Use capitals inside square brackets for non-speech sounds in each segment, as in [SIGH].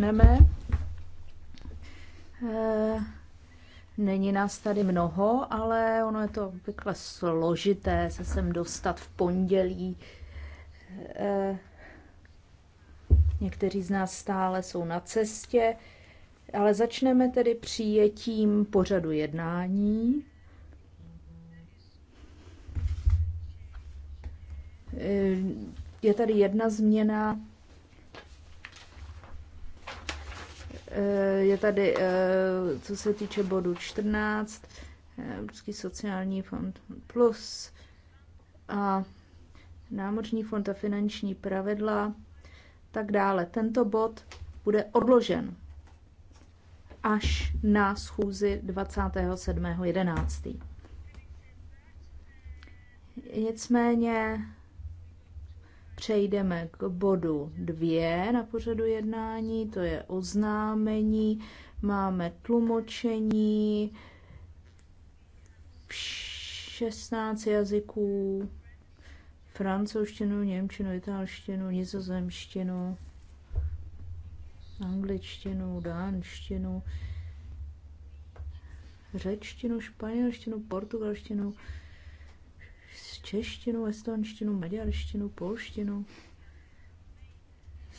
začneme. Eh, není nás tady mnoho, ale ono je to obvykle složité se sem dostat v pondělí. Eh, někteří z nás stále jsou na cestě, ale začneme tedy přijetím pořadu jednání. Eh, je tady jedna změna Eh, je tady, eh, co se týče bodu 14, eh, Evropský sociální fond plus a Námořní fond a finanční pravidla, tak dále. Tento bod bude odložen až na schůzi 27.11. Nicméně přejdeme k bodu 2 na pořadu jednání, to je oznámení, máme tlumočení 16 jazyků, francouzštinu, němčinu, italštinu, nizozemštinu, angličtinu, dánštinu, řečtinu, španělštinu, portugalštinu, češtinu, estonštinu, maďarštinu, polštinu,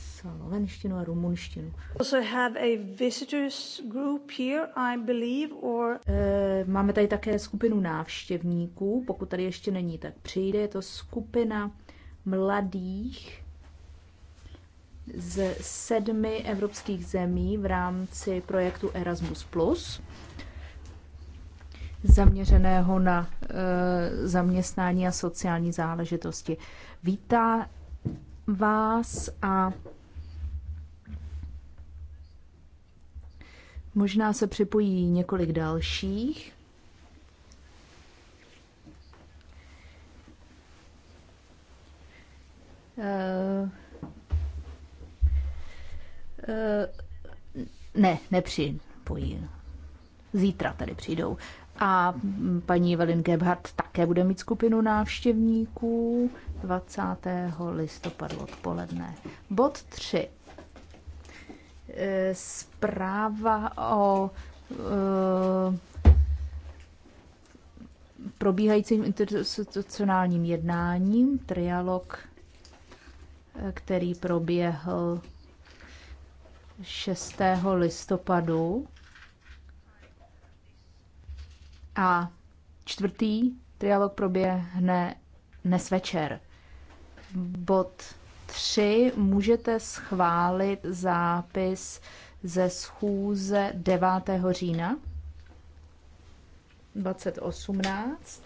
slovenštinu a rumunštinu. Also have a visitors group here, I believe, or... E, máme tady také skupinu návštěvníků, pokud tady ještě není, tak přijde. Je to skupina mladých z sedmi evropských zemí v rámci projektu Erasmus+ zaměřeného na eh, zaměstnání a sociální záležitosti. Vítá vás a možná se připojí několik dalších. Uh, uh, ne, nepřijím. Zítra tady přijdou. A paní Evelyn Gebhardt také bude mít skupinu návštěvníků 20. listopadu odpoledne. Bod 3. E, zpráva o e, probíhajícím institucionálním jednáním, trialog, e, který proběhl 6. listopadu a čtvrtý trialog proběhne dnes večer. Bod 3 můžete schválit zápis ze schůze 9. října 2018.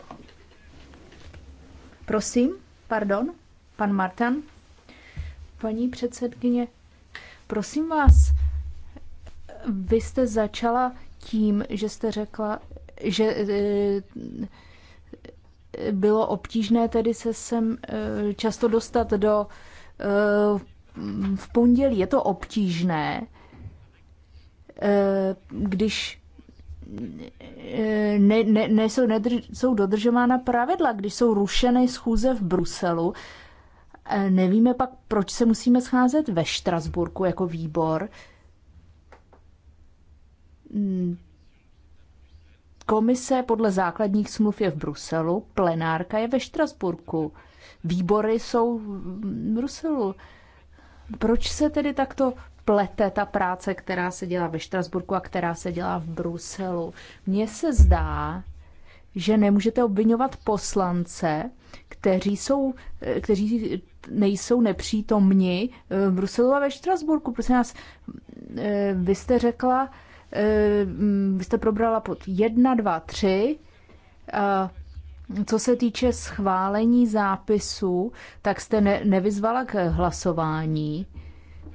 Prosím, pardon, pan Martin, Paní předsedkyně, prosím vás, vy jste začala tím, že jste řekla, že e, bylo obtížné tedy se sem e, často dostat do e, v pondělí. Je to obtížné, když ne, ne, ne jsou, nedrž, jsou dodržována pravidla, když jsou rušeny schůze v Bruselu. Nevíme pak, proč se musíme scházet ve Štrasburku jako výbor. Hmm, Komise podle základních smluv je v Bruselu, plenárka je ve Štrasburku, výbory jsou v Bruselu. Proč se tedy takto plete ta práce, která se dělá ve Štrasburku a která se dělá v Bruselu? Mně se zdá, že nemůžete obvinovat poslance, kteří, jsou, kteří nejsou nepřítomni v Bruselu a ve Štrasburku. Prosím nás, eh, vy jste řekla, vy eh, jste probrala pod 1, 2, 3. Co se týče schválení zápisu, tak jste ne, nevyzvala k hlasování.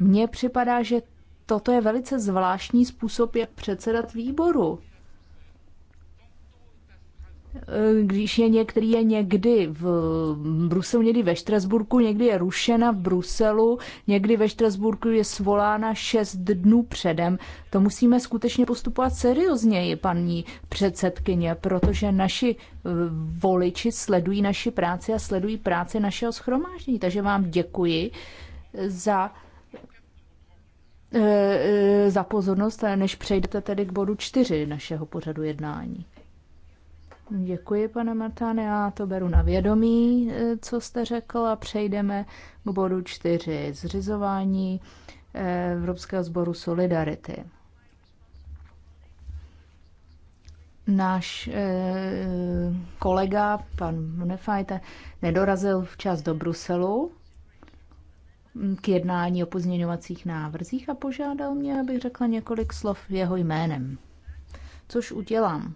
Mně připadá, že toto je velice zvláštní způsob, jak předsedat výboru. Eh, když je některý je někdy v Bruselu, někdy ve Štrasburku, někdy je rušena v Bruselu, někdy ve Štrasburku je svolána šest dnů předem. To musíme skutečně postupovat seriózněji, paní předsedkyně, protože naši eh, voliči sledují naši práci a sledují práci našeho schromáždění. Takže vám děkuji za eh, za pozornost, než přejdete tedy k bodu čtyři našeho pořadu jednání. Děkuji, pane Martáne, já to beru na vědomí, eh, co jste řekl a přejdeme k bodu čtyři, zřizování eh, Evropského sboru Solidarity. Náš eh, kolega, pan Munefajte, nedorazil včas do Bruselu mm, k jednání o pozměňovacích návrzích a požádal mě, abych řekla několik slov jeho jménem, což udělám.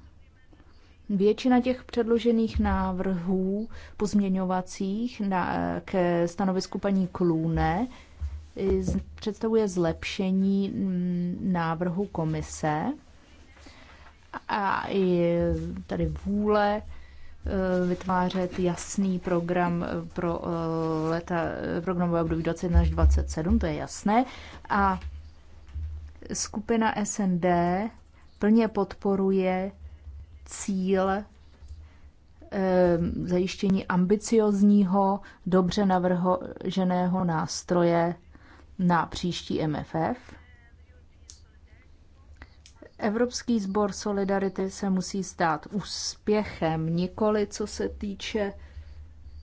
Většina těch předložených návrhů pozměňovacích na, ke stanovisku paní Klůne eh, představuje zlepšení mm, návrhu komise a i tady vůle eh, vytvářet jasný program eh, pro leta, programové období 21 až 27, to je jasné. A skupina SND plně podporuje cíl eh, zajištění ambiciozního, dobře navrženého nástroje na příští MFF. Evropský sbor Solidarity se musí stát úspěchem, nikoli co se týče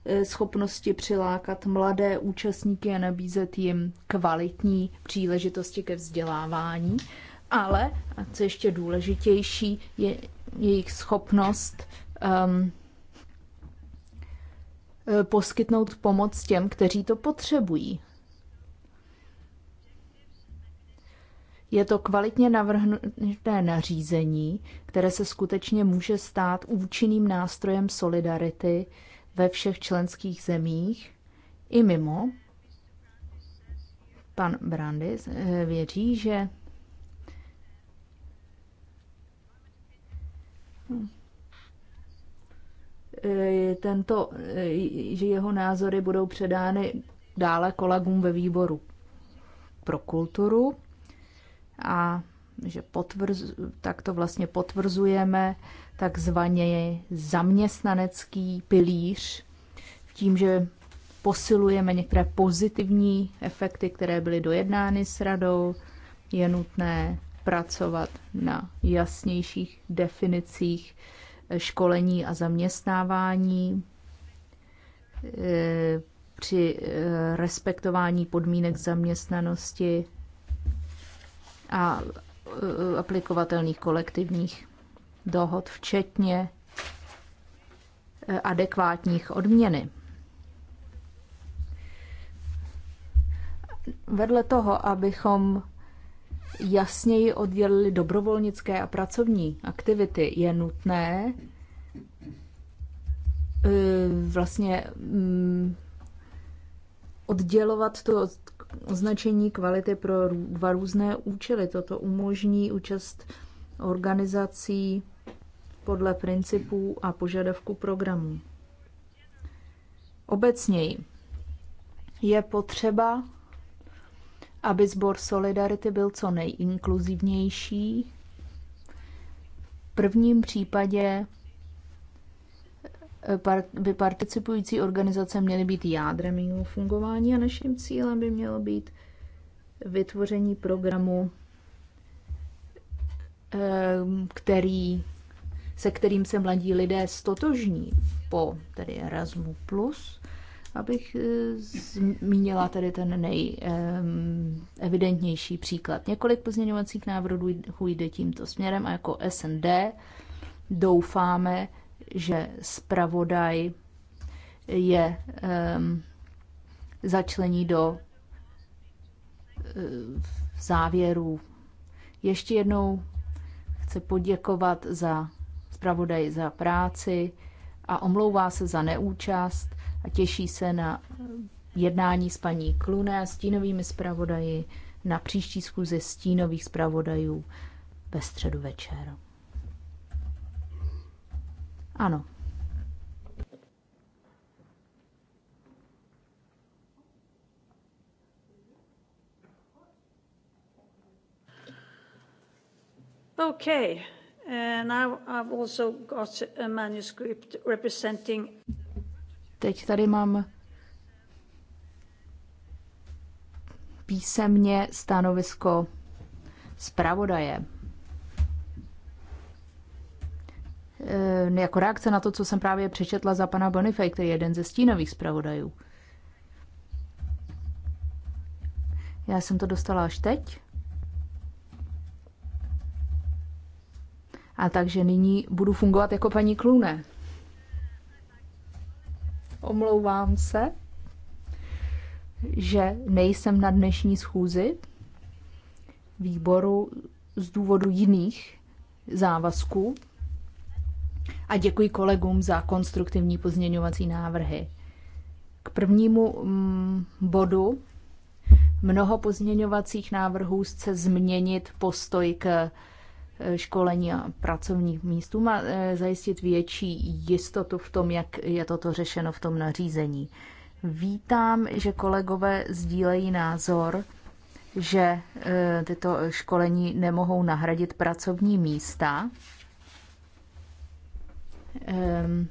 eh, schopnosti přilákat mladé účastníky a nabízet jim kvalitní příležitosti ke vzdělávání, ale, a co ještě důležitější, je jejich schopnost um, eh, poskytnout pomoc těm, kteří to potřebují. Je to kvalitně navrhnuté nařízení, které se skutečně může stát účinným nástrojem solidarity ve všech členských zemích i mimo. Pan Brandis eh, věří, že Eh, tento, eh, že jeho názory budou předány dále kolegům ve výboru pro kulturu a že potvrz, tak to vlastně potvrzujeme takzvaně zaměstnanecký pilíř tím, že posilujeme některé pozitivní efekty, které byly dojednány s radou, je nutné pracovat na jasnějších definicích eh, školení a zaměstnávání, eh, při eh, respektování podmínek zaměstnanosti a aplikovatelných kolektivních dohod, včetně adekvátních odměny. Vedle toho, abychom jasněji oddělili dobrovolnické a pracovní aktivity, je nutné eh, vlastně mm, oddělovat to označení kvality pro dva různé účely. Toto umožní účast organizací podle principů a požadavku programu. Obecněji je potřeba aby sbor Solidarity byl co nejinkluzivnější. V prvním případě eh, by participující organizace měly být jádrem jeho fungování a naším cílem by mělo být vytvoření programu, eh, který, se kterým se mladí lidé stotožní po tedy Erasmu+, plus, Abych eh, zmínila tady ten nejevidentnější příklad. Několik pozměňovacích návrhů jde tímto směrem a jako SND doufáme, že zpravodaj je um, začlení do um, závěrů. Ještě jednou chci poděkovat za zpravodaj za práci a omlouvá se za neúčast a těší se na jednání s paní Klune a stínovými zpravodaji na příští schůzi stínových zpravodajů ve středu večer. Ano. Okay. Uh, now I've also got a manuscript representing Teď tady mám písemně stanovisko zpravodaje. E, jako reakce na to, co jsem právě přečetla za pana Bonifej, který je jeden ze stínových zpravodajů. Já jsem to dostala až teď. A takže nyní budu fungovat jako paní Klune. Omlouvám se, že nejsem na dnešní schůzi výboru z důvodu jiných závazků a děkuji kolegům za konstruktivní pozměňovací návrhy. K prvnímu mm, bodu mnoho pozměňovacích návrhů chce změnit postoj k školení a pracovních místům a eh, zajistit větší jistotu v tom, jak je toto řešeno v tom nařízení. Vítám, že kolegové sdílejí názor, že eh, tyto školení nemohou nahradit pracovní místa. Ehm,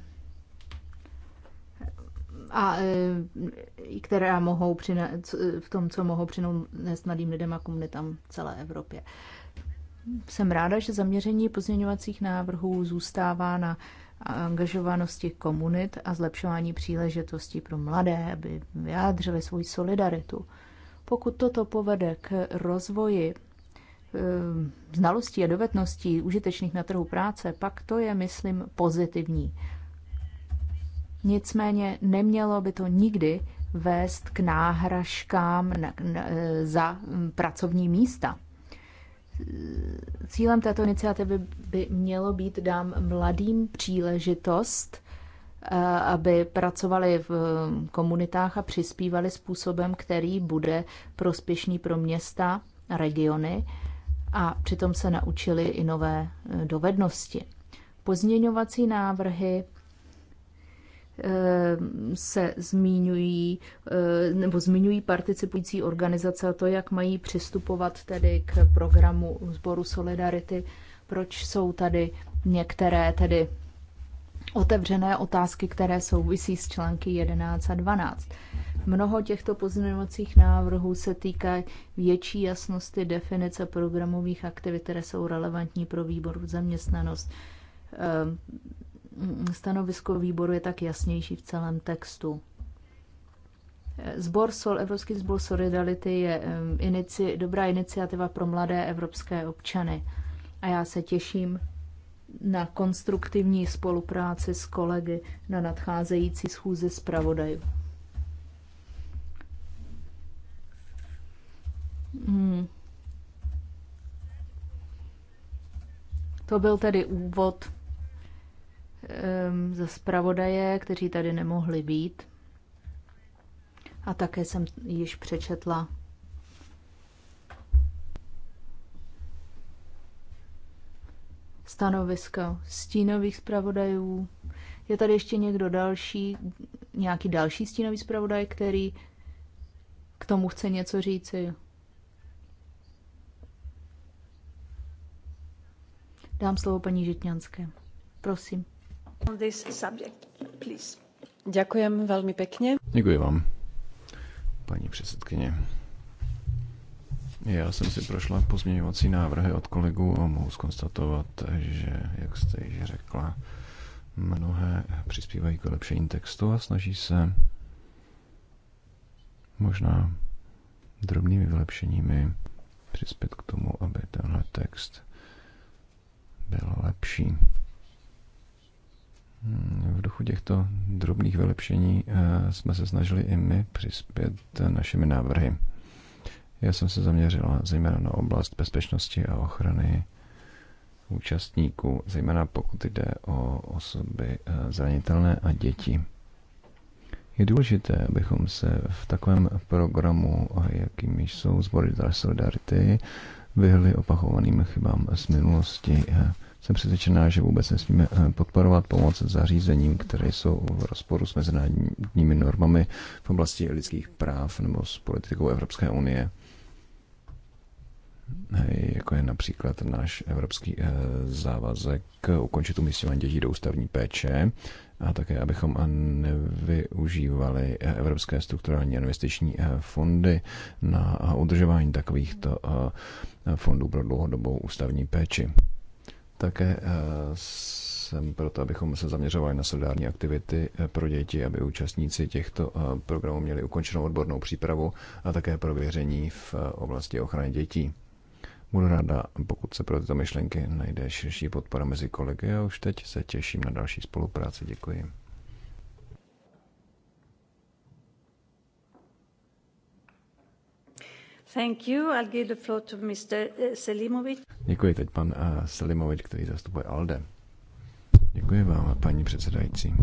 a eh, které mohou přinést, v tom, co mohou přinést mladým lidem a komunitám v celé Evropě jsem ráda, že zaměření pozměňovacích návrhů zůstává na angažovanosti komunit a zlepšování příležitostí pro mladé, aby vyjádřili svoji solidaritu. Pokud toto povede k rozvoji eh, znalostí a dovedností užitečných na trhu práce, pak to je, myslím, pozitivní. Nicméně nemělo by to nikdy vést k náhražkám eh, za mm, pracovní místa. Cílem této iniciativy by mělo být dám mladým příležitost, eh, aby pracovali v mm, komunitách a přispívali způsobem, který bude prospěšný pro města a regiony a přitom se naučili i nové eh, dovednosti. Pozměňovací návrhy Eh, se zmiňují eh, nebo zmiňují participující organizace a to, jak mají přistupovat tedy k programu Sboru Solidarity, proč jsou tady některé tedy otevřené otázky, které souvisí s články 11 a 12. Mnoho těchto pozměňovacích návrhů se týká větší jasnosti definice programových aktivit, které jsou relevantní pro výbor zaměstnanost ehm, stanovisko výboru je tak jasnější v celém textu. Zbor Sol, Evropský zbor Solidarity je inici, dobrá iniciativa pro mladé evropské občany a já se těším na konstruktivní spolupráci s kolegy na nadcházející schůzi zpravodajů. Hmm. To byl tedy úvod za zpravodaje, kteří tady nemohli být. A také jsem již přečetla stanoviska stínových zpravodajů. Je tady ještě někdo další, nějaký další stínový zpravodaj, který k tomu chce něco říci? Dám slovo paní Žitňanské. Prosím. Děkujem velmi pěkně. Děkuji vám, paní předsedkyně. Já jsem si prošla pozměňovací návrhy od kolegů a mohu skonstatovat, že, jak jste již řekla, mnohé přispívají k lepšení textu a snaží se možná drobnými vylepšeními přispět k tomu, aby tenhle text byl lepší. V duchu těchto drobných vylepšení eh, jsme se snažili i my přispět našimi návrhy. Já jsem se zaměřila zejména na oblast bezpečnosti a ochrany účastníků, zejména pokud jde o osoby eh, zranitelné a děti. Je důležité, abychom se v takovém programu, eh, jakým jsou sbory Solidarity, vyhli opakovaným chybám z minulosti jsem přesvědčená, že vůbec nesmíme eh, podporovat pomoc zařízením, které jsou v rozporu s mezinárodními normami v oblasti lidských práv nebo s politikou Evropské unie, jako je například náš evropský eh, závazek ukončit umístěvání dětí do ústavní péče a také, abychom nevyužívali eh, evropské strukturální investiční fondy na udržování takovýchto fondů pro dlouhodobou ústavní péči. Také eh, jsem proto, abychom se zaměřovali na solidární aktivity eh, pro děti, aby účastníci těchto eh, programů měli ukončenou odbornou přípravu a také prověření v oblasti ochrany dětí. Budu ráda, pokud se pro tyto myšlenky najde širší podpora mezi kolegy a už teď se těším na další spolupráci. Děkuji. Thank you. I'll give the floor to Mr. Eh, Selimovic. Děkuji teď pan uh, který zastupuje ALDE. Děkuji vám, paní předsedající.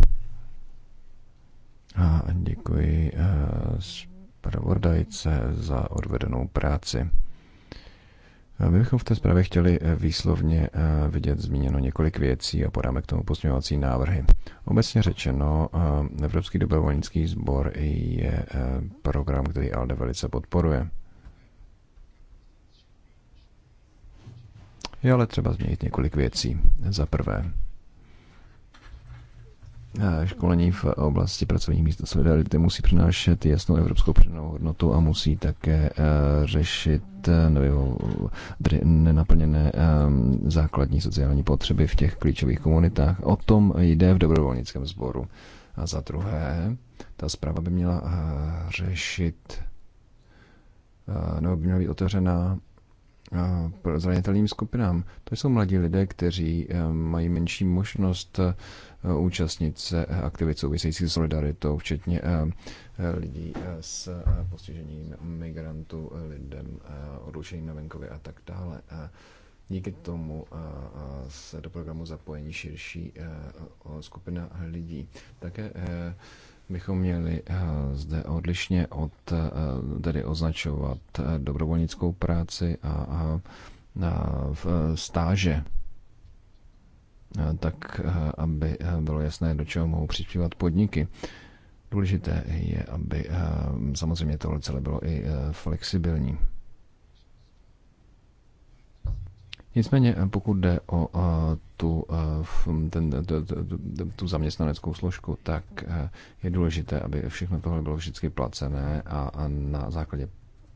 A děkuji uh, zpravodajce za odvedenou práci. My bychom v té zprávě chtěli výslovně vidět zmíněno několik věcí a podáme k tomu posměvací návrhy. Obecně řečeno, Evropský dobrovolnický sbor je program, který ALDE velice podporuje. Je ale třeba změnit několik věcí. Za prvé, eh, školení v oblasti pracovních míst a solidarity musí přinášet jasnou evropskou přidanou hodnotu a musí také eh, řešit eh, nebo nenaplněné ehm, základní sociální potřeby v těch klíčových komunitách. O tom jde v dobrovolnickém sboru. A za druhé, ta zpráva by měla řešit nebo by měla být otevřená zranitelným skupinám. To jsou mladí lidé, kteří eh, mají menší možnost eh, účastnit se aktivit souvisejících s solidaritou, včetně eh, lidí s postižením migrantů, lidem odlučeným na venkově a tak dále. Díky tomu se do programu zapojení širší skupina lidí. Také bychom měli eh, zde odlišně od eh, tedy označovat eh, dobrovolnickou práci a, a, a v stáže, tak aby bylo jasné, do čeho mohou přispívat podniky. Důležité je, aby samozřejmě tohle celé bylo i flexibilní. Nicméně, eh, pokud jde o eh, tu, eh, ten, tu zaměstnaneckou složku, tak je důležité, aby všechno tohle bylo vždycky placené a na základě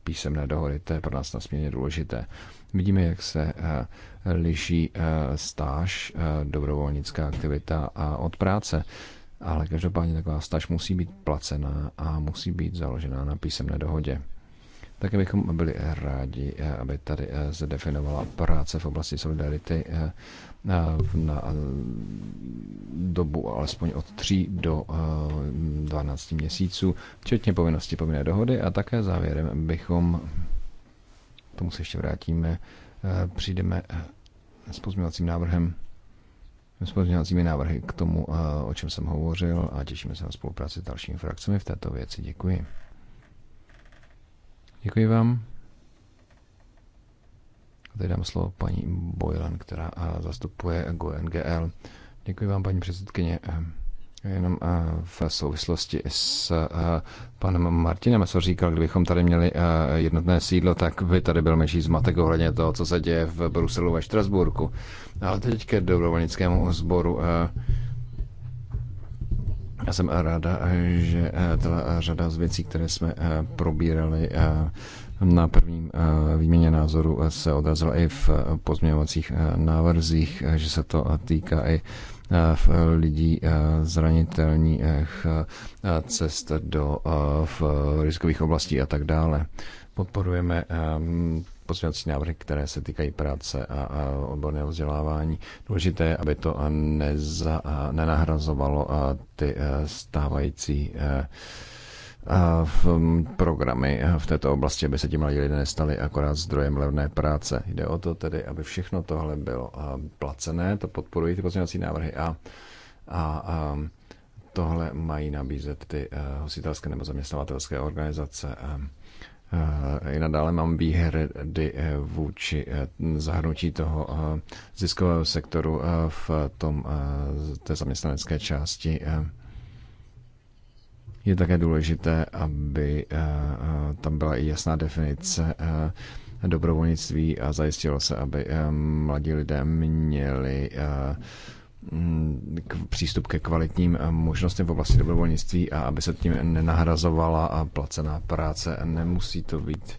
písemné dohody, to je pro nás nesmírně důležité. Vidíme, jak se liší stáž, dobrovolnická aktivita a od práce, ale každopádně taková stáž musí být placená a musí být založená na písemné dohodě. Také bychom byli rádi, eh, aby tady eh, se definovala práce v oblasti solidarity eh, na dobu alespoň od 3 do 12 měsíců, včetně povinnosti povinné dohody a také závěrem bychom, tomu se ještě vrátíme, přijdeme s pozměňovacím návrhem s pozměňovacími návrhy k tomu, o čem jsem hovořil a těšíme se na spolupráci s dalšími frakcemi v této věci. Děkuji. Děkuji vám. A teď dám slovo paní Boylan, která eh, zastupuje GoNGL. Děkuji vám, paní předsedkyně. Eh, jenom eh, v souvislosti s panem Martinem, co říkal, kdybychom tady měli jednotné sídlo, tak by tady byl menší zmatek ohledně toho, co se děje v Bruselu ve Štrasburku. Ale teď ke dobrovolnickému sboru. Já jsem ráda, že eh, ta řada z věcí, které jsme eh, probírali eh, na prvním výměně názoru, se odrazila i v pozměňovacích návrzích, že se to týká i v lidí zranitelných cest do v riskových oblastí a tak dále. Podporujeme pozměňovací návrhy, které se týkají práce a, a odborného vzdělávání. Důležité je, aby to neza, nenahrazovalo ty e, stávající e, v programy v této oblasti, aby se tím mladí lidé nestali akorát zdrojem levné práce. Jde o to tedy, aby všechno tohle bylo placené, to podporují ty pozměňovací návrhy a, a, a tohle mají nabízet ty e, hostitelské nebo zaměstnavatelské organizace. A, Eh, i nadále mám výhrady eh, vůči eh, zahrnutí toho ziskového sektoru v tom, té zaměstnanecké části. Je také důležité, aby tam byla i jasná definice dobrovolnictví a zajistilo se, aby mladí lidé měli Mm, k přístup ke kvalitním eh, možnostem v oblasti dobrovolnictví a aby se tím nenahrazovala a placená práce. Nemusí to být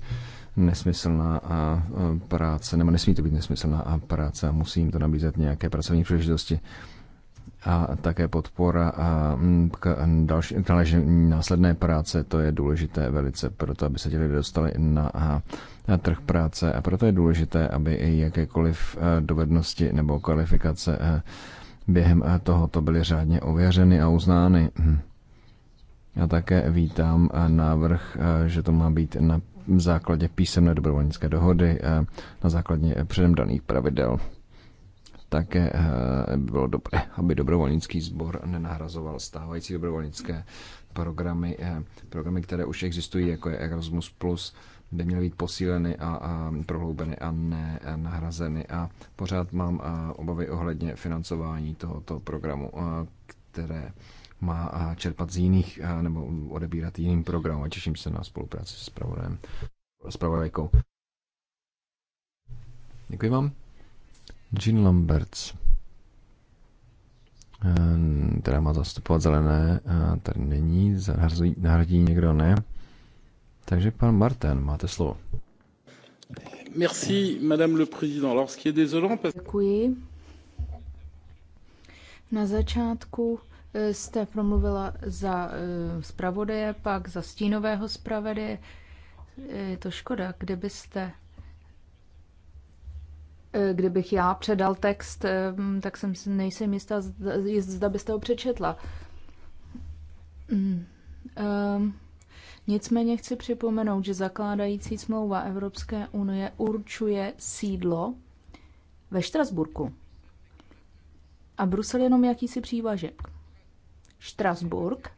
nesmyslná eh, eh, práce, nebo nesmí to být nesmyslná práce a musí jim to nabízet nějaké pracovní příležitosti a také podpora a k další, k následné práce, to je důležité velice proto, aby se ti lidé dostali na, na trh práce a proto je důležité, aby i jakékoliv dovednosti nebo kvalifikace během eh, tohoto byly řádně ověřeny a uznány. Hm. Já také vítám eh, návrh, eh, že to má být na základě písemné dobrovolnické dohody, na základě předem daných pravidel. Také by bylo dobré, aby dobrovolnický sbor nenahrazoval stávající dobrovolnické programy, programy, které už existují, jako je Erasmus+, by měly být posíleny a, a prohloubeny a ne eh, nahrazeny. A pořád mám eh, obavy ohledně financování tohoto programu, eh, které má čerpat z jiných nebo odebírat jiným programům a těším se na spolupráci s pravodajem, s pravodajkou. Děkuji vám. Jean Lamberts která má zastupovat zelené, a tady není, nahradí někdo ne. Takže pan Martin, máte slovo. Merci, madame le président. Alors, ce qui est désolant, parce... Děkuji. Na začátku eh, jste promluvila za eh, zpravodaje, pak za stínového zpravodaje. Eh, je to škoda, kdybyste kdybych já předal text, tak jsem si nejsem jistá, zda byste ho přečetla. Um, Nicméně chci připomenout, že zakládající smlouva Evropské unie určuje sídlo ve Štrasburku. A Brusel jenom jakýsi přívažek. Štrasburg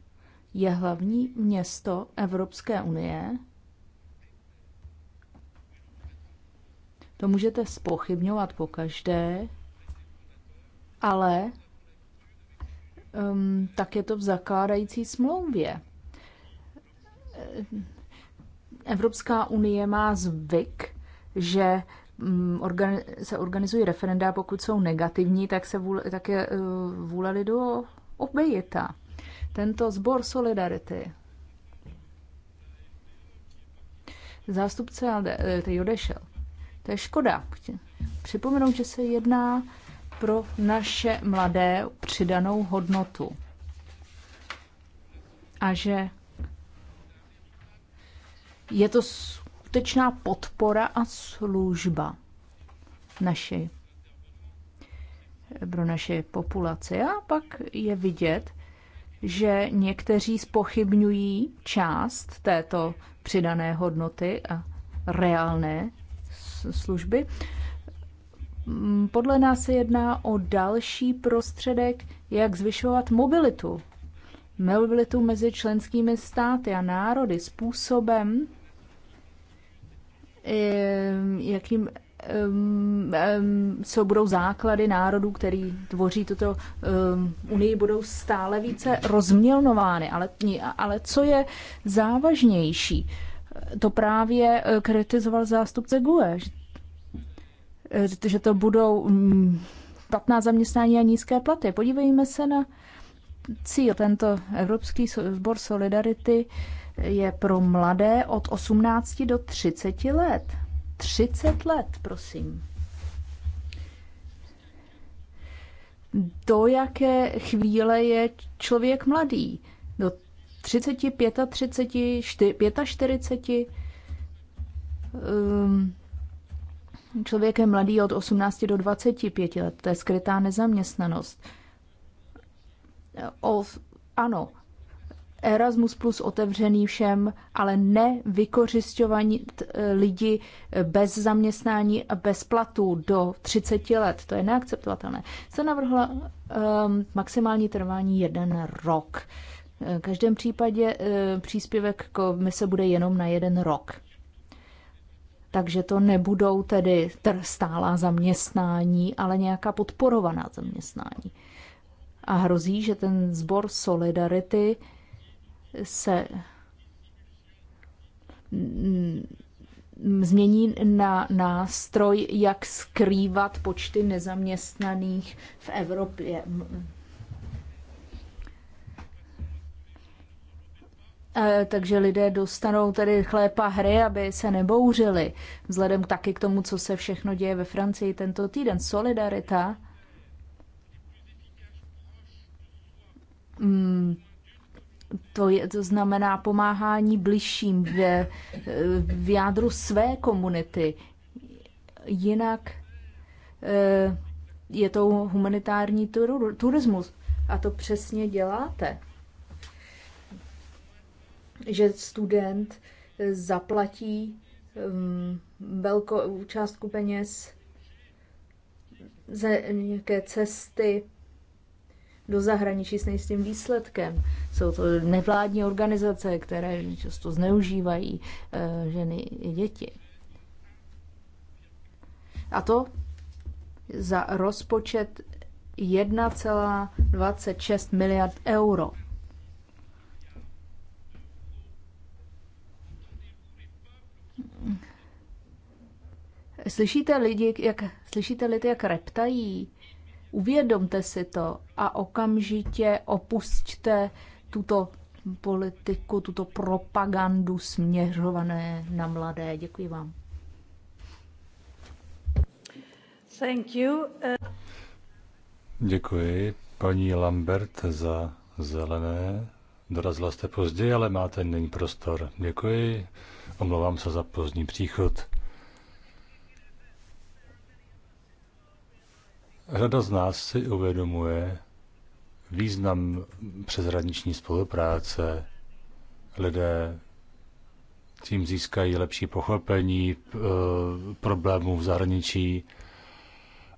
je hlavní město Evropské unie. To můžete spochybňovat po každé, ale um, tak je to v zakládající smlouvě. Evropská unie má zvyk, že mm, se organizují referenda, pokud jsou negativní, tak se vůle, tak je eh, vůle lidu obejita. Tento sbor Solidarity. Zástupce Alde, eh, odešel. To je škoda. Připomenu, že se jedná pro naše mladé přidanou hodnotu. A že je to skutečná podpora a služba naši, pro naše populace. A pak je vidět, že někteří spochybňují část této přidané hodnoty a reálné služby. Mm, podle nás se jedná o další prostředek, jak zvyšovat mobilitu. Mobilitu mezi členskými státy a národy způsobem, jakým co budou základy národů, který tvoří tuto unii, budou stále více rozmělnovány. Ale, ale co je závažnější, to právě eh, kritizoval zástupce GUE, že eh, to budou mm, platná zaměstnání a nízké platy. Podívejme se na cíl. Tento Evropský sbor Solidarity je pro mladé od 18 do 30 let. 30 let, prosím. Do jaké chvíle je člověk mladý? Do 30, 35, 45? Um, člověk je mladý od 18 do 25 let. To je skrytá nezaměstnanost. Ehm, o, ano, Erasmus plus otevřený všem, ale ne vykořišťovat eh, lidi eh, bez zaměstnání a bez platů do 30 let. To je neakceptovatelné. Se navrhla um, maximální trvání jeden rok. V každém případě um, příspěvek komise bude jenom na jeden rok. Takže to nebudou tedy stálá zaměstnání, ale nějaká podporovaná zaměstnání. A hrozí, že ten sbor Solidarity se mm, změní na nástroj, jak skrývat počty nezaměstnaných v Evropě. E, takže lidé dostanou tedy chlépa hry, aby se nebouřili. Vzhledem taky k tomu, co se všechno děje ve Francii tento týden. Solidarita. Mm, to, je, to znamená pomáhání bližším v, eh, v jádru své komunity. Jinak eh, je to humanitární tur, turismus. A to přesně děláte. Že student eh, zaplatí mm, velkou částku peněz ze nějaké cesty do zahraničí s nejistým výsledkem. Jsou to nevládní organizace, které často zneužívají eh, ženy i děti. A to za rozpočet 1,26 miliard euro. Slyšíte lidi, jak, slyšíte lidi, jak reptají? Uvědomte si to a okamžitě opusťte tuto politiku, tuto propagandu směřované na mladé. Děkuji vám. Thank you. Děkuji paní Lambert za zelené. Dorazila jste později, ale máte nyní prostor. Děkuji. Omlouvám se za pozdní příchod. Řada z nás si uvědomuje význam přeshraniční spolupráce. Lidé tím získají lepší pochopení eh, problémů v zahraničí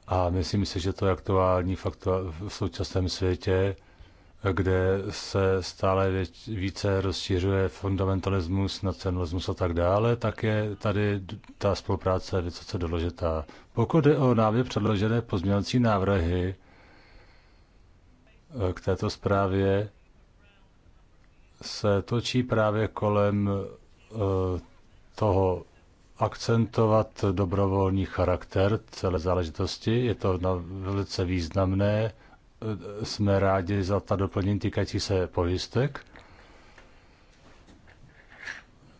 a myslím si, že to je aktuální fakt v současném světě kde se stále více rozšiřuje fundamentalismus, nacionalismus a tak dále, tak je tady ta spolupráce vysoce doložitá. Pokud je o návě předložené pozměňovací návrhy eh, k této zprávě, se točí právě kolem eh, toho akcentovat dobrovolný charakter celé záležitosti. Je to velice významné jsme rádi za ta doplnění týkající se pojistek.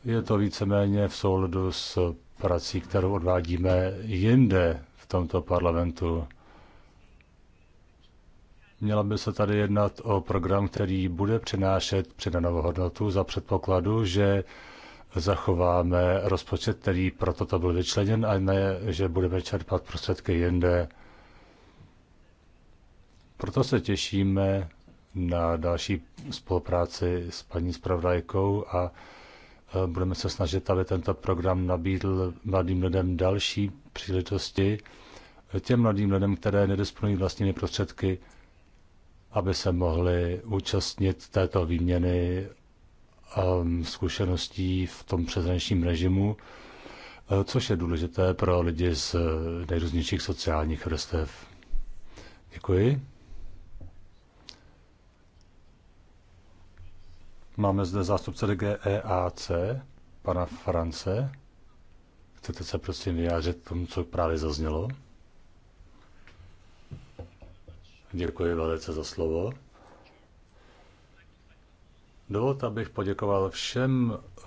Je to víceméně v souladu s prací, kterou odvádíme jinde v tomto parlamentu. Měla by se tady jednat o program, který bude přinášet přidanou hodnotu za předpokladu, že zachováme rozpočet, který proto to byl vyčleněn a ne, že budeme čerpat prostředky jinde. Proto se těšíme na další spolupráci s paní Spravdajkou a e, budeme se snažit, aby tento program nabídl mladým lidem další příležitosti, těm mladým lidem, které nedisponují vlastními prostředky, aby se mohli účastnit této výměny um, zkušeností v tom přeshraničním režimu, e, což je důležité pro lidi z nejrůznějších sociálních vrstev. Děkuji. Máme zde zástupce DGEAC, pana France. Chcete se prosím vyjádřit tomu, co právě zaznělo? Děkuji velice za slovo. Dovolte, abych poděkoval všem eh,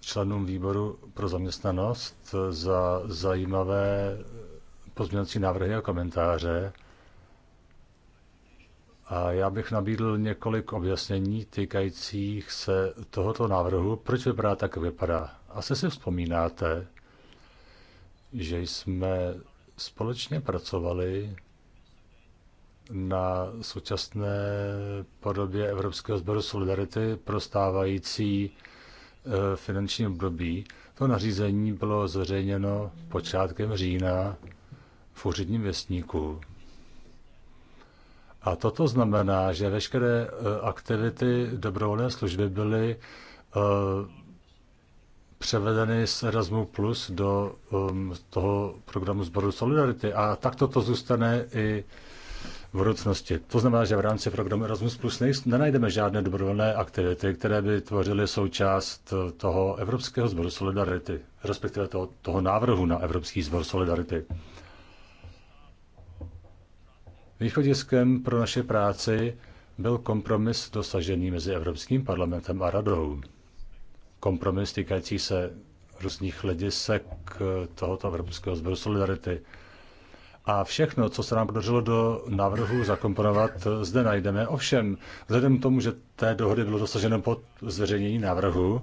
členům výboru pro zaměstnanost za zajímavé pozměňovací návrhy a komentáře. A já bych nabídl několik objasnění týkajících se tohoto návrhu, proč vypadá tak, jak vypadá. Asi si vzpomínáte, že jsme společně pracovali na současné podobě Evropského sboru Solidarity pro stávající eh, finanční období. To nařízení bylo zveřejněno počátkem října v úředním věstníku. A toto znamená, že veškeré eh, aktivity dobrovolné služby byly eh, převedeny z Erasmu Plus do ehm, toho programu Sboru Solidarity a tak toto zůstane i v budoucnosti. To znamená, že v rámci programu Erasmus Plus nenajdeme žádné dobrovolné aktivity, které by tvořily součást eh, toho Evropského sboru Solidarity, respektive toho, toho návrhu na Evropský sbor Solidarity. Východiskem pro naše práci byl kompromis dosažený mezi Evropským parlamentem a radou. Kompromis týkající se různých hledisek tohoto Evropského sboru Solidarity. A všechno, co se nám podařilo do návrhu zakomponovat, zde najdeme. Ovšem, vzhledem k tomu, že té dohody bylo dosaženo pod zveřejnění návrhu,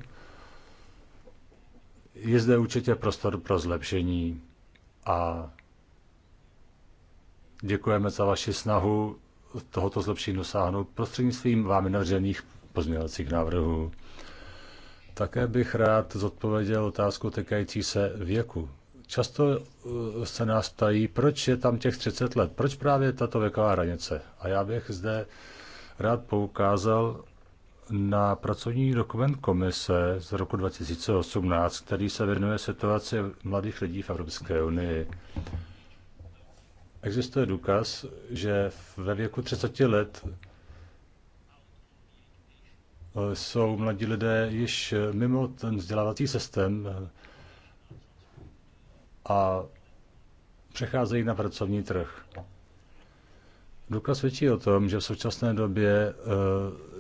je zde určitě prostor pro zlepšení a Děkujeme za vaši snahu tohoto zlepšení dosáhnout prostřednictvím vámi navřených pozměňovacích návrhů. Také bych rád zodpověděl otázku týkající se věku. Často eh, se nás ptají, proč je tam těch 30 let, proč právě tato věková hranice. A já bych zde rád poukázal na pracovní dokument komise z roku 2018, který se věnuje situaci mladých lidí v Evropské unii. Existuje důkaz, že ve věku 30 let eh, jsou mladí lidé již mimo ten vzdělávací systém eh, a přecházejí na pracovní trh. Důkaz svědčí o tom, že v současné době eh,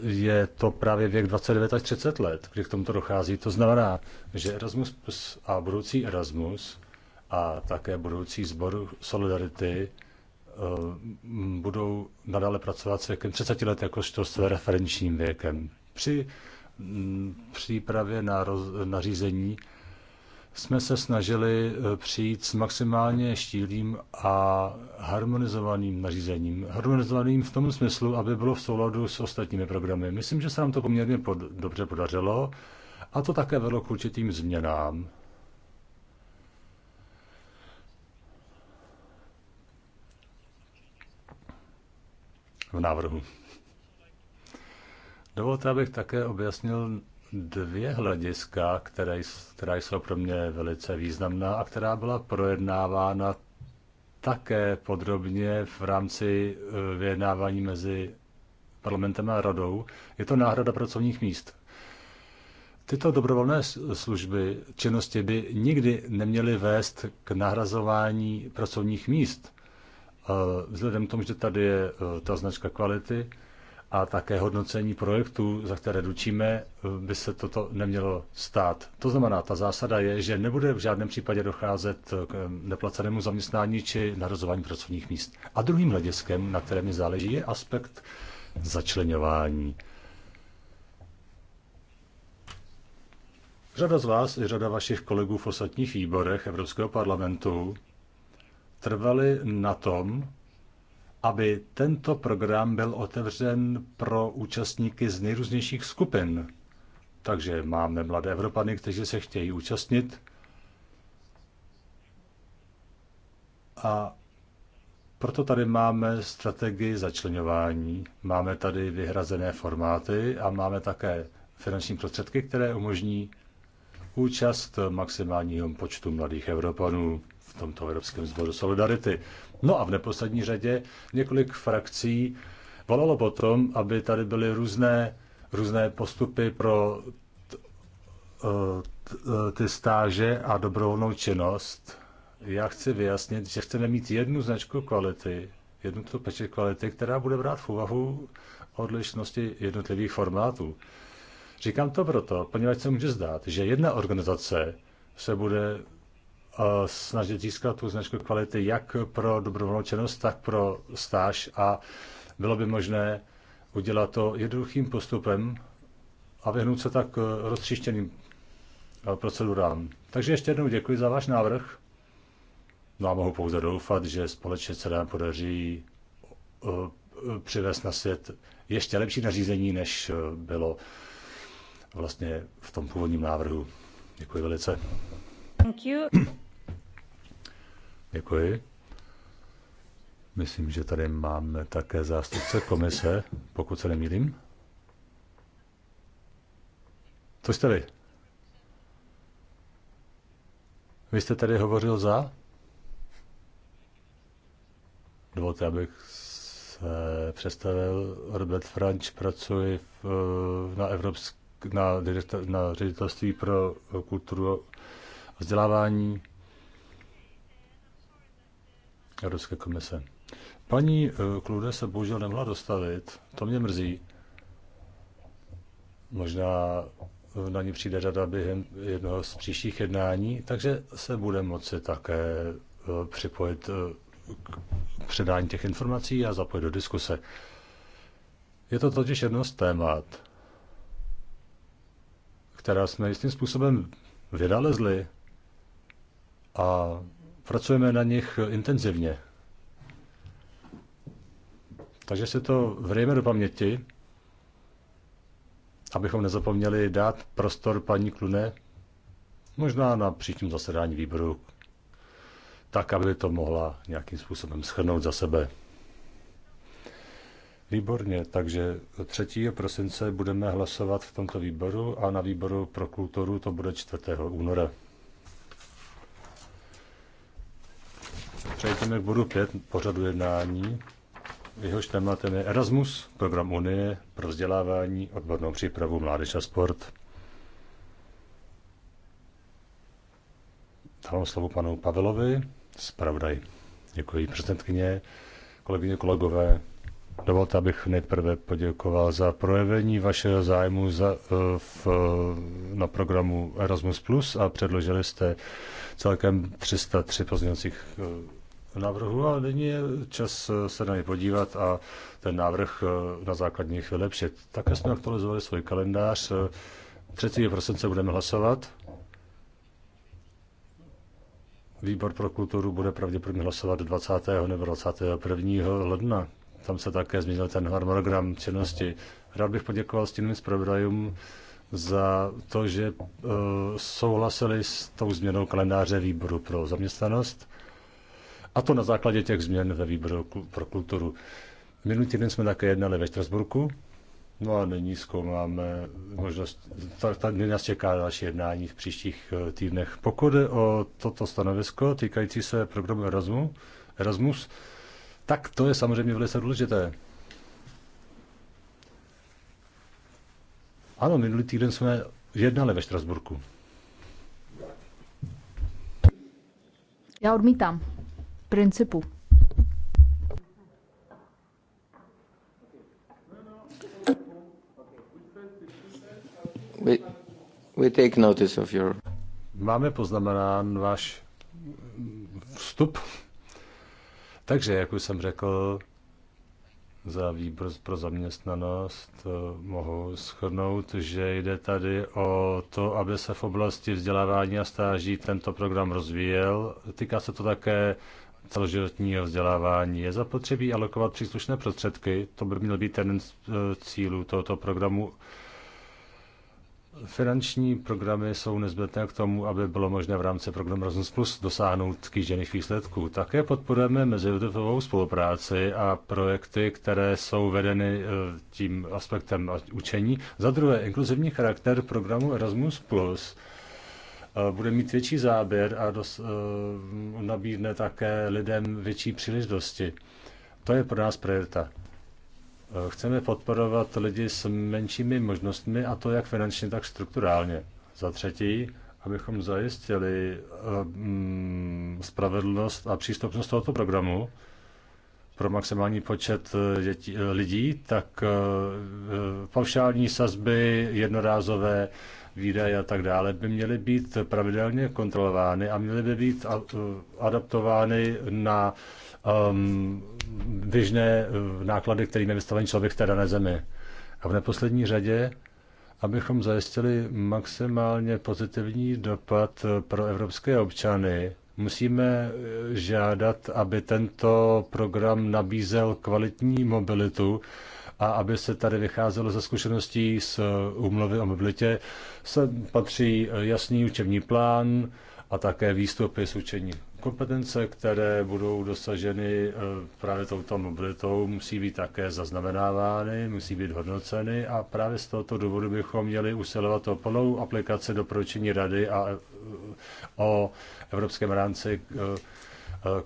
je to právě věk 29 až 30 let, kdy k tomuto dochází. To znamená, že Erasmus a budoucí Erasmus a také budoucí sboru Solidarity eh, budou nadále pracovat s věkem 30 let jakožto s referenčním věkem. Při mm, přípravě na, roz, na řízení jsme se snažili eh, přijít s maximálně štílým a harmonizovaným nařízením. Harmonizovaným v tom smyslu, aby bylo v souladu s ostatními programy. Myslím, že se nám to poměrně pod, dobře podařilo a to také vedlo k určitým změnám v návrhu. Dovolte, abych také objasnil dvě hlediska, které, která jsou pro mě velice významná a která byla projednávána také podrobně v rámci e, vyjednávání mezi parlamentem a radou. Je to náhrada pracovních míst. Tyto dobrovolné služby, činnosti by nikdy neměly vést k nahrazování pracovních míst vzhledem k tomu, že tady je e, ta značka kvality a také hodnocení projektů, za které ručíme, e, by se toto nemělo stát. To znamená, ta zásada je, že nebude v žádném případě docházet k e, neplacenému zaměstnání či narozování pracovních míst. A druhým hlediskem, na kterém mi záleží, je aspekt začlenování. Řada z vás i řada vašich kolegů v ostatních výborech Evropského parlamentu trvali na tom, aby tento program byl otevřen pro účastníky z nejrůznějších skupin. Takže máme mladé Evropany, kteří se chtějí účastnit. A proto tady máme strategii začlenování, máme tady vyhrazené formáty a máme také finanční prostředky, které umožní účast maximálního počtu mladých Evropanů tomto Evropském zboru Solidarity. No a v neposlední řadě několik frakcí volalo potom, aby tady byly různé, různé postupy pro ty stáže a dobrovolnou činnost. Já chci vyjasnit, že chceme mít jednu značku kvality, jednu tu pečet kvality, která bude brát v úvahu odlišnosti jednotlivých formátů. Říkám to proto, poněvadž se může zdát, že jedna organizace se bude snažit získat tu značku kvality jak pro dobrovolnou činnost, tak pro stáž a bylo by možné udělat to jednoduchým postupem a vyhnout se tak roztříštěným eh, procedurám. Takže ještě jednou děkuji za váš návrh. No a mohu pouze doufat, že společně se nám podaří eh, přivést na svět ještě lepší nařízení, než eh, bylo vlastně v tom původním návrhu. Děkuji velice. Thank you. Děkuji. Myslím, že tady máme také zástupce komise, pokud se nemýlím. Co jste vy? Vy jste tady hovořil za? Dovolte, abych se představil. Robert Franč, pracuji v, na, Evropsk, na, na ředitelství pro kulturu a vzdělávání Evropské komise. Paní eh, Klude se bohužel nemohla dostavit, to mě mrzí. Možná eh, na ní přijde řada během jednoho z příštích jednání, takže se bude moci také eh, připojit k předání těch informací a zapojit do diskuse. Je to totiž jedno z témat, která jsme jistým způsobem vydalezli a Pracujeme na nich intenzivně. Takže se to vrejme do paměti, abychom nezapomněli dát prostor paní Klune, možná na příštím zasedání výboru, tak, aby to mohla nějakým způsobem schrnout za sebe. Výborně, takže 3. prosince budeme hlasovat v tomto výboru a na výboru pro kulturu to bude 4. února. Přejdeme k bodu 5 pořadu jednání. Jehož tématem je Erasmus, program Unie pro vzdělávání, odbornou přípravu, mládež a sport. Dávám slovo panu Pavelovi, zpravodaj. Děkuji, předsedkyně, kolegyně, kolegové. Dovolte, abych nejprve poděkoval za projevení vašeho zájmu za, eh, v, eh, na programu Erasmus Plus a předložili jste celkem 303 pozměňovacích eh, návrhu, ale nyní je čas se na ně podívat a ten návrh eh, na základní nich vylepšit. Také jsme aktualizovali svůj kalendář. 3. Eh, prosince budeme hlasovat. Výbor pro kulturu bude pravděpodobně hlasovat 20. nebo 21. ledna. Tam se také změnil ten harmonogram činnosti. Rád bych poděkoval stínovým zpravodajům za to, že eh, souhlasili s tou změnou kalendáře výboru pro zaměstnanost. A to na základě těch změn ve výboru pro kulturu. Minulý týden jsme také jednali ve Štrasburku, no a nyní zkoumáme možnost, tady nás čeká další jednání v příštích eh, týdnech. Pokud je o toto stanovisko týkající se programu Erasmus, Erasmus tak to je samozřejmě velice důležité. Ano, minulý týden jsme jednali ve Štrasburku. Já odmítám. Principu. We, we take notice of your... Máme poznamenán váš vstup. Takže, jak už jsem řekl, za výbor pro zaměstnanost eh, mohu shrnout, že jde tady o to, aby se v oblasti vzdělávání a stáží tento program rozvíjel. Týká se to také celoživotního vzdělávání. Je zapotřebí alokovat příslušné prostředky, to by měl být jeden z e, cílů tohoto programu. Finanční programy jsou nezbytné k tomu, aby bylo možné v rámci programu Erasmus Plus dosáhnout kýžených výsledků. Také podporujeme meziodvětovou spolupráci a projekty, které jsou vedeny e, tím aspektem učení. Za druhé, inkluzivní charakter programu Erasmus Plus – Eh, bude mít větší záběr a dos, eh, nabídne také lidem větší příležitosti. To je pro nás priorita. Eh, chceme podporovat lidi s menšími možnostmi, a to jak finančně, tak strukturálně. Za třetí, abychom zajistili mm, spravedlnost a přístupnost tohoto programu pro maximální počet dětí, lidí, tak paušální sazby jednorázové výdaje a tak dále, by měly být pravidelně kontrolovány a měly by být uh, adaptovány na um, běžné uh, náklady, kterým je vystaven člověk v té dané zemi. A v neposlední řadě, abychom zajistili maximálně pozitivní dopad uh, pro evropské občany, musíme žádat, aby tento program nabízel kvalitní mobilitu, a aby se tady vycházelo ze zkušeností s úmluvy o mobilitě, se patří jasný učební plán a také výstupy z učení. Kompetence, které budou dosaženy eh, právě touto mobilitou, musí být také zaznamenávány, musí být hodnoceny a právě z tohoto důvodu bychom měli usilovat o plnou aplikaci doporučení Rady a eh, o evropském rámci eh,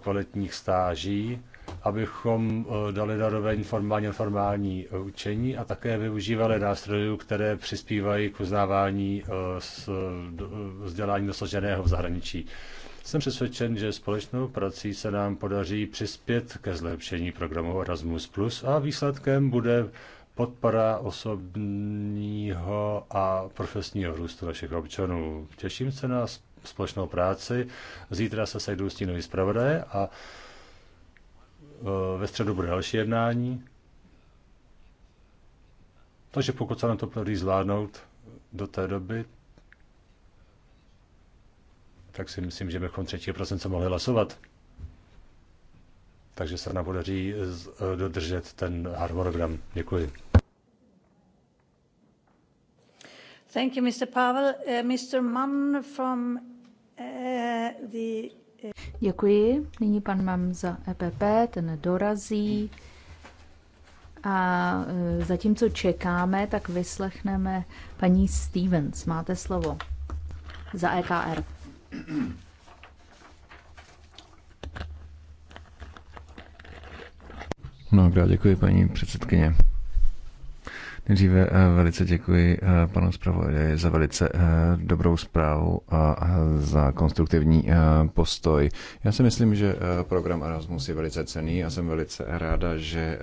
kvalitních stáží abychom eh, dali zároveň formálně formální eh, učení a také využívali nástrojů, které přispívají k uznávání eh, vzdělání dosaženého v zahraničí. Jsem přesvědčen, že společnou prací se nám podaří přispět ke zlepšení programu Erasmus Plus a výsledkem bude podpora osobního a profesního růstu našich občanů. Těším se na společnou práci. Zítra se sejdu s tím zpravodaje a Eh, ve středu bude další jednání. Takže pokud se nám to podaří zvládnout do té doby, tak si myslím, že bychom 3% prosince mohli hlasovat. Takže se nám podaří eh, dodržet ten harmonogram. Děkuji. Thank you, Mr. Pavel. Uh, eh, Mr. Mann from uh, the Děkuji. Nyní pan mám za EPP, ten dorazí. A e, zatímco čekáme, tak vyslechneme paní Stevens. Máte slovo za EKR. Mnohokrát děkuji, paní předsedkyně. Nejdříve eh, velice děkuji eh, panu zpravodaji za velice eh, dobrou zprávu a za konstruktivní postoj. Já si myslím, že program Erasmus je velice cený a jsem velice ráda, že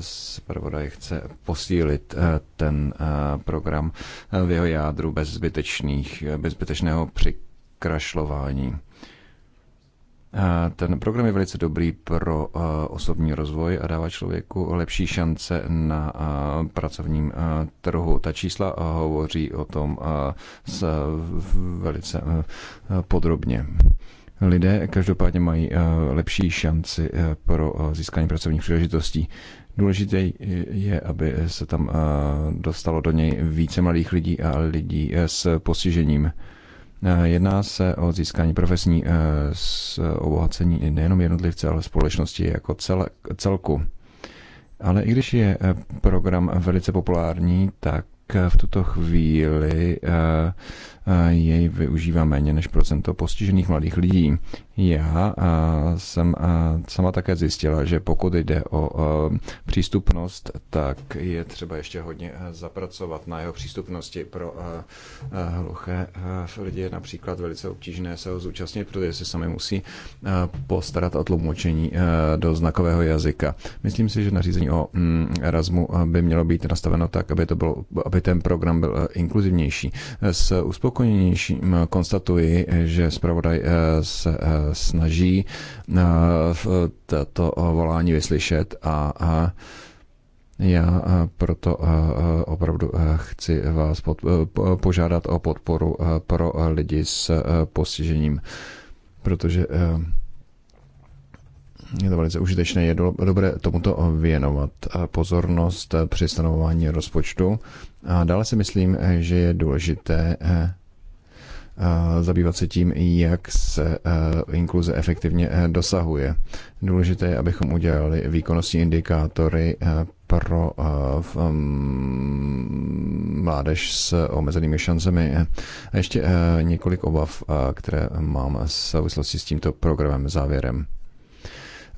zpravodaj chce posílit ten program v jeho jádru bez, zbytečných, bez zbytečného přikrašlování. Ten program je velice dobrý pro osobní rozvoj a dává člověku lepší šance na pracovním trhu. Ta čísla hovoří o tom velice podrobně. Lidé každopádně mají lepší šanci pro získání pracovních příležitostí. Důležité je, aby se tam dostalo do něj více mladých lidí a lidí s postižením. Eh, jedná se o získání profesní eh, obohacení nejenom jednotlivce, ale společnosti jako celku. Ale i když je eh, program velice populární, tak v tuto chvíli jej využívá méně než procento postižených mladých lidí. Já jsem sama také zjistila, že pokud jde o přístupnost, tak je třeba ještě hodně zapracovat na jeho přístupnosti pro hluché lidi. Je například velice obtížné se ho zúčastnit, protože si sami musí postarat o tlumočení do znakového jazyka. Myslím si, že nařízení o mm, Erasmu by mělo být nastaveno tak, aby, to bylo, aby ten program byl inkluzivnější. S uspokojením spokojenějším eh, konstatuji, že zpravodaj eh, se eh, snaží to volání vyslyšet a já proto opravdu chci vás požádat o podporu pro lidi s postižením, protože je to velice užitečné, je dobré tomuto věnovat pozornost při stanovování rozpočtu. A dále si myslím, že je důležité Eh, zabývat se tím, jak se eh, inkluze efektivně eh, dosahuje. Důležité je, abychom udělali výkonnostní indikátory pro mm, mládež s omezenými šancemi. A ještě několik obav, které mám v souvislosti s tímto programem závěrem.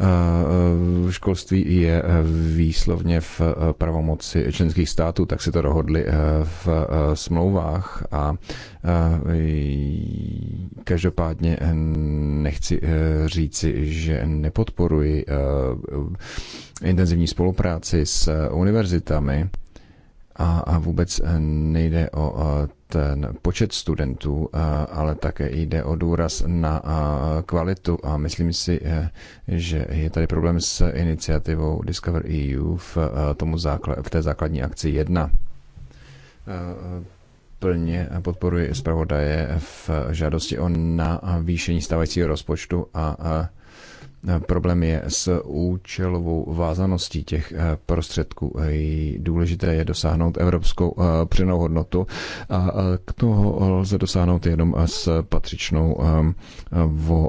Eh, eh, školství je eh, výslovně v pravomoci členských států, tak si to dohodli v smlouvách a každopádně nechci říci, že nepodporuji intenzivní spolupráci s univerzitami a vůbec nejde o ten počet studentů, ale také jde o důraz na kvalitu a myslím si, e, že je tady problém s iniciativou Discover EU v, e, tomu základ, v té základní akci 1 e, plně podporuji zpravodaje v žádosti o navýšení stávajícího rozpočtu a, a Eh, problém je s účelovou vázaností těch eh, prostředků. Eh, důležité je dosáhnout evropskou přenou hodnotu a k toho lze dosáhnout jenom s patřičnou ehm, vo,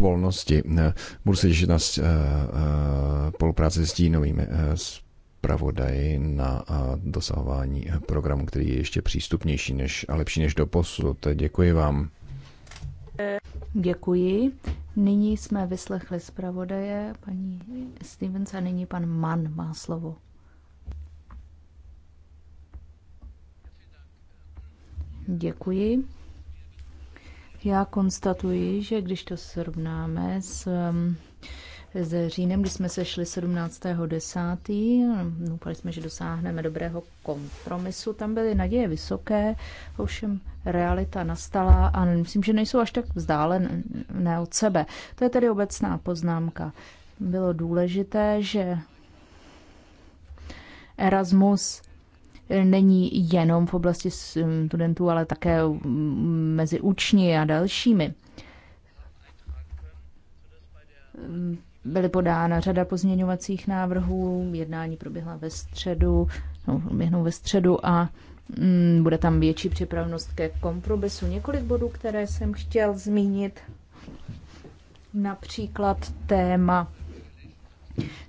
volnosti. Budu se těšit na spolupráci s tínovými zpravodaji na dosahování programu, který je ještě přístupnější než, a lepší než do posud. Děkuji vám. Děkuji. Nyní jsme vyslechli zpravodaje paní Stevens a nyní pan Mann má slovo. Děkuji. Já konstatuji, že když to srovnáme s s říjnem, kdy jsme sešli 17.10. Doufali jsme, že dosáhneme dobrého kompromisu. Tam byly naděje vysoké, ovšem realita nastala a myslím, že nejsou až tak vzdálené od sebe. To je tedy obecná poznámka. Bylo důležité, že Erasmus není jenom v oblasti studentů, ale také mezi učni a dalšími byly podána řada pozměňovacích návrhů, jednání proběhla ve středu, no, proběhnou ve středu a mm, bude tam větší připravnost ke kompromisu. Několik bodů, které jsem chtěl zmínit, například téma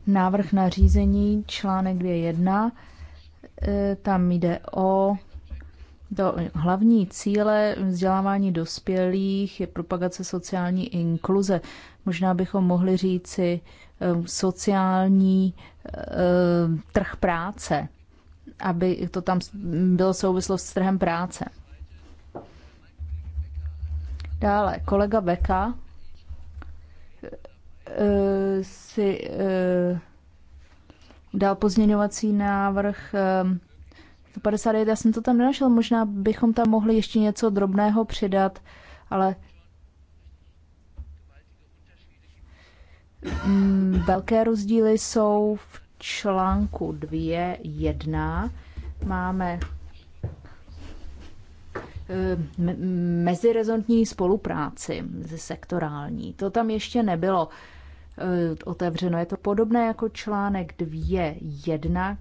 návrh na řízení článek 2.1, e, tam jde o to hlavní cíle vzdělávání dospělých je propagace sociální inkluze možná bychom mohli říci eh, sociální eh, trh práce, aby to tam bylo souvislost s trhem práce. Dále, kolega Beka eh, si dal pozměňovací návrh 59, já jsem to tam nenašel, možná bychom tam mohli ještě něco drobného přidat, ale Mm, velké rozdíly jsou v článku 2.1. Máme eh, mezirezontní spolupráci sektorální. To tam ještě nebylo eh, otevřeno. Je to podobné jako článek 2.1.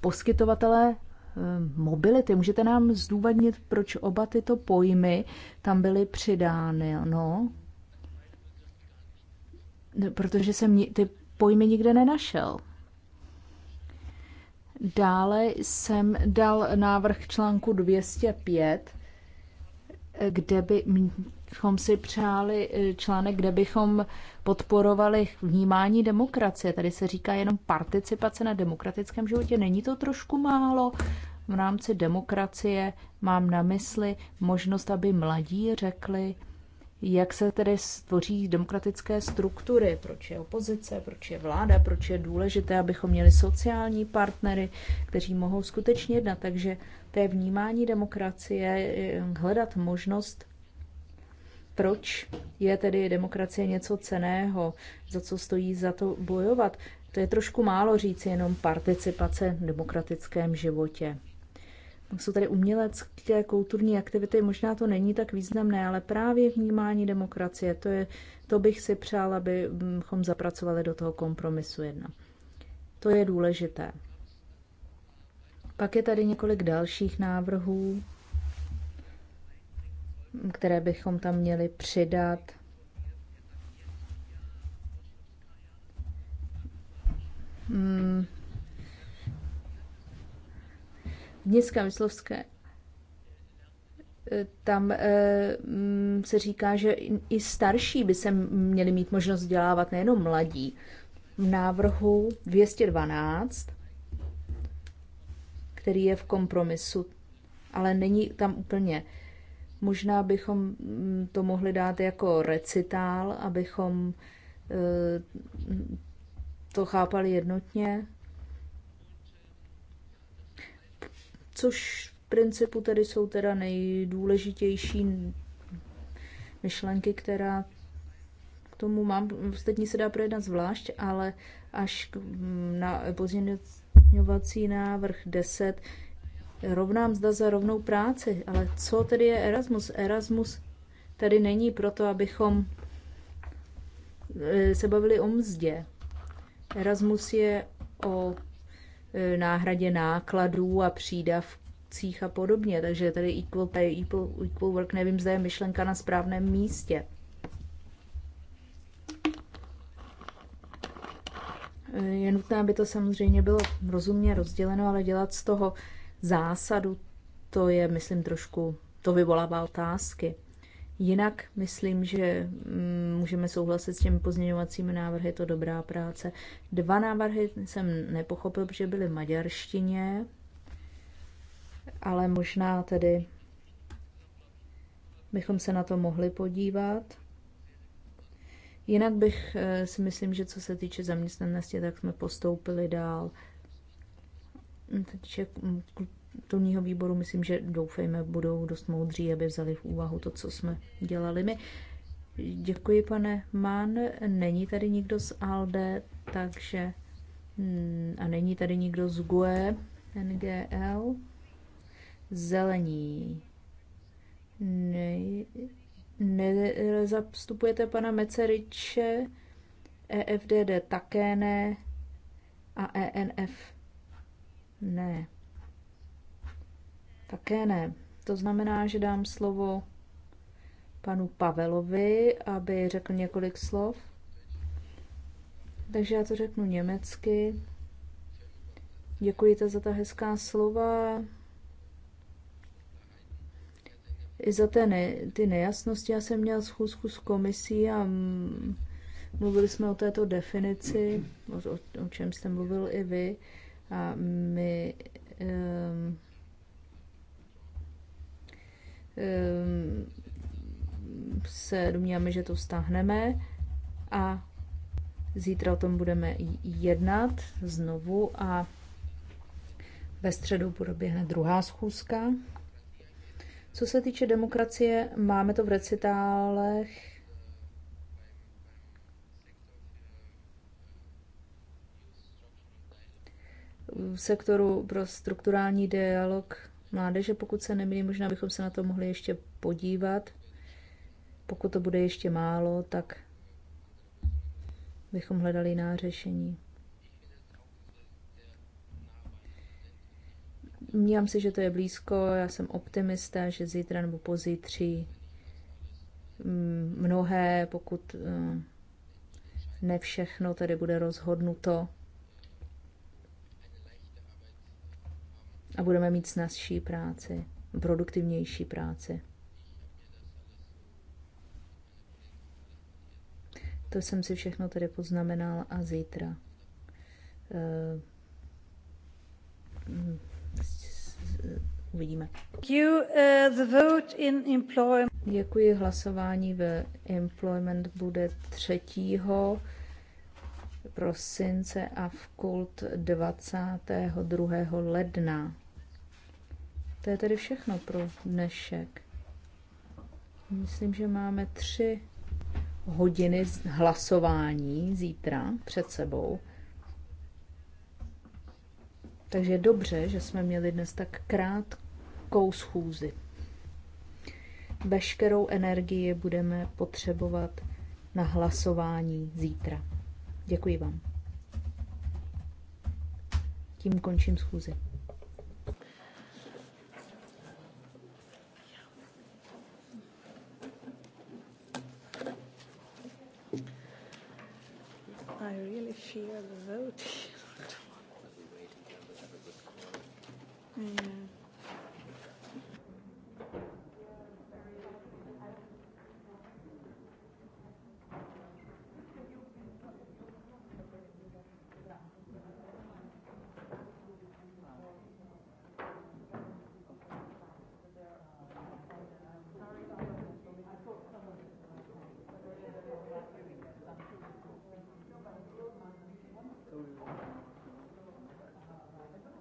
Poskytovatelé eh, mobility. Můžete nám zdůvodnit, proč oba tyto pojmy tam byly přidány? No, protože jsem ty pojmy nikde nenašel. Dále jsem dal návrh článku 205, kde bychom si přáli eh, článek, kde bychom podporovali vnímání demokracie. Tady se říká jenom participace na demokratickém životě. Není to trošku málo? V rámci demokracie mám na mysli možnost, aby mladí řekli, jak se tedy stvoří demokratické struktury, proč je opozice, proč je vláda, proč je důležité, abychom měli sociální partnery, kteří mohou skutečně jednat. Takže to je vnímání demokracie, hledat možnost, proč je tedy demokracie něco ceného, za co stojí za to bojovat. To je trošku málo říci jenom participace v demokratickém životě jsou tady umělecké kulturní aktivity, možná to není tak významné, ale právě vnímání demokracie, to, je, to bych si přál, abychom zapracovali do toho kompromisu jedna. To je důležité. Pak je tady několik dalších návrhů, které bychom tam měli přidat. Hmm městské Myslovské, eh, tam eh, mm, se říká, že i starší by se měli mít možnost vzdělávat, nejenom mladí. V návrhu 212, který je v kompromisu, ale není tam úplně. Možná bychom mm, to mohli dát jako recitál, abychom eh, to chápali jednotně. což v principu tedy jsou teda nejdůležitější myšlenky, která k tomu mám. Ostatní se dá projednat zvlášť, ale až na pozměňovací návrh 10, rovná mzda za rovnou práci. Ale co tedy je Erasmus? Erasmus tady není proto, abychom eh, se bavili o mzdě. Erasmus je o E, náhradě nákladů a přídavcích a podobně. Takže tady equal pay, equal, equal work, nevím, zda je myšlenka na správném místě. E, je nutné, aby to samozřejmě bylo rozumně rozděleno, ale dělat z toho zásadu, to je, myslím, trošku, to vyvolává otázky. Jinak myslím, že mm, můžeme souhlasit s těmi pozměňovacími návrhy, je to dobrá práce. Dva návrhy jsem nepochopil, protože byly v maďarštině, ale možná tedy bychom se na to mohli podívat. Jinak bych eh, si myslím, že co se týče zaměstnanosti, tak jsme postoupili dál. Týče kulturního výboru, myslím, že doufejme, budou dost moudří, aby vzali v úvahu to, co jsme dělali my. Děkuji, pane Mann. Není tady nikdo z ALDE, takže... Mm, a není tady nikdo z GUE, NGL. Zelení. Ne, nezastupujete pana Meceriče, EFDD také ne a ENF ne. Také ne. To znamená, že dám slovo panu Pavelovi, aby řekl několik slov. Takže já to řeknu německy. Děkuji za ta hezká slova. I za ty, ne, ty nejasnosti. Já jsem měl schůzku s komisí a mluvili jsme o této definici, o, o, o čem jste mluvil i vy. A my um, Ehm, se domníváme, že to stáhneme a zítra o tom budeme jednat znovu a ve středu proběhne druhá schůzka. Co se týče demokracie, máme to v recitálech sektoru pro strukturální dialog mládeže, pokud se nemýlím, možná bychom se na to mohli ještě podívat. Pokud to bude ještě málo, tak bychom hledali jiná řešení. Mnívám si, že to je blízko, já jsem optimista, že zítra nebo pozítří mm, mnohé, pokud eh, ne všechno tady bude rozhodnuto a budeme mít snazší práci, produktivnější práci. To jsem si všechno tedy poznamenal a zítra uh, uvidíme. Eh, Děkuji, hlasování ve employment bude třetího prosince a v kult 22. ledna. To je tedy všechno pro dnešek. Myslím, že máme tři hodiny hlasování zítra před sebou. Takže je dobře, že jsme měli dnes tak krátkou schůzi. Veškerou energii budeme potřebovat na hlasování zítra. Děkuji vám. Tím končím schůzi. I really fear the vote. yeah. [LAUGHS]